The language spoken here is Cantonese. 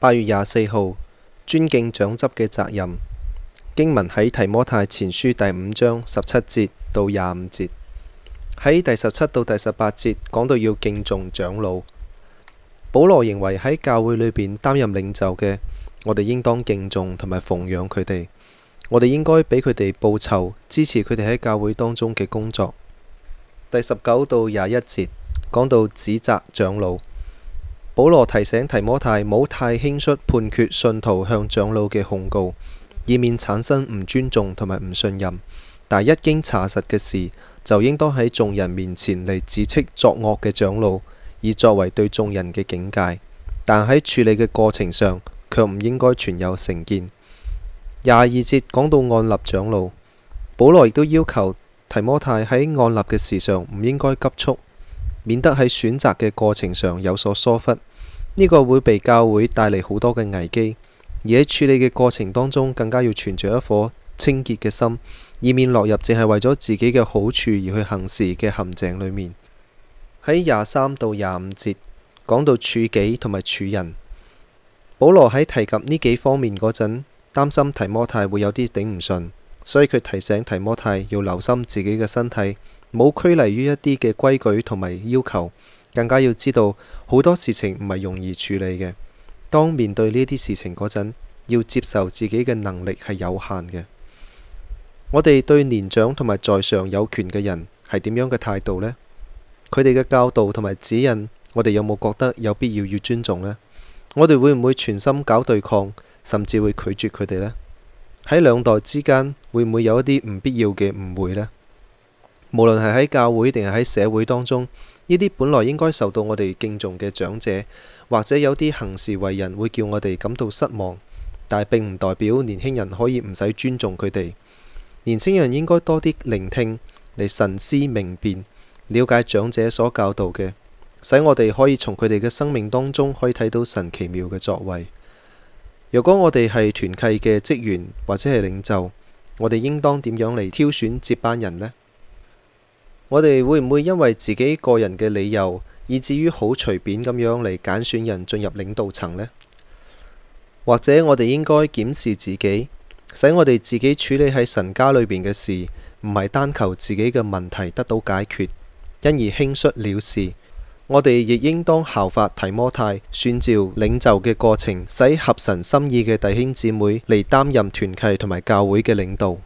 八月廿四號，尊敬長執嘅責任。經文喺提摩太前書第五章十七節到廿五節，喺第十七到第十八節講到要敬重長老。保羅認為喺教會裏邊擔任領袖嘅，我哋應當敬重同埋奉養佢哋，我哋應該俾佢哋報酬，支持佢哋喺教會當中嘅工作。第十九到廿一節講到指責長老。保羅提醒提摩太，冇太輕率判決信徒向長老嘅控告，以免產生唔尊重同埋唔信任。但一經查實嘅事，就應當喺眾人面前嚟指斥作惡嘅長老，以作為對眾人嘅警戒。但喺處理嘅過程上，卻唔應該存有成見。廿二節講到按立長老，保羅亦都要求提摩太喺按立嘅事上唔應該急促，免得喺選擇嘅過程上有所疏忽，呢、這個會被教會帶嚟好多嘅危機。而喺處理嘅過程當中，更加要存著一顆清潔嘅心，以免落入淨係為咗自己嘅好處而去行事嘅陷阱裏面。喺廿三到廿五節講到處己同埋處人，保羅喺提及呢幾方面嗰陣，擔心提摩太會有啲頂唔順，所以佢提醒提摩太要留心自己嘅身體。冇拘泥於一啲嘅規矩同埋要求，更加要知道好多事情唔係容易處理嘅。當面對呢啲事情嗰陣，要接受自己嘅能力係有限嘅。我哋對年長同埋在上有權嘅人係點樣嘅態度呢？佢哋嘅教導同埋指引，我哋有冇覺得有必要要尊重呢？我哋會唔會全心搞對抗，甚至會拒絕佢哋呢？喺兩代之間，會唔會有一啲唔必要嘅誤會呢？無論係喺教會定係喺社會當中，呢啲本來應該受到我哋敬重嘅長者，或者有啲行事為人會叫我哋感到失望，但係並唔代表年輕人可以唔使尊重佢哋。年輕人應該多啲聆聽嚟神思明辨，了解長者所教導嘅，使我哋可以從佢哋嘅生命當中可以睇到神奇妙嘅作為。如果我哋係團契嘅職員或者係領袖，我哋應當點樣嚟挑選接班人呢？我哋會唔會因為自己個人嘅理由，以至於好隨便咁樣嚟揀選人進入領導層呢？或者我哋應該檢視自己，使我哋自己處理喺神家裏邊嘅事，唔係單求自己嘅問題得到解決，因而輕率了事。我哋亦應當效法提摩太選召領袖嘅過程，使合神心意嘅弟兄姊妹嚟擔任團契同埋教會嘅領導。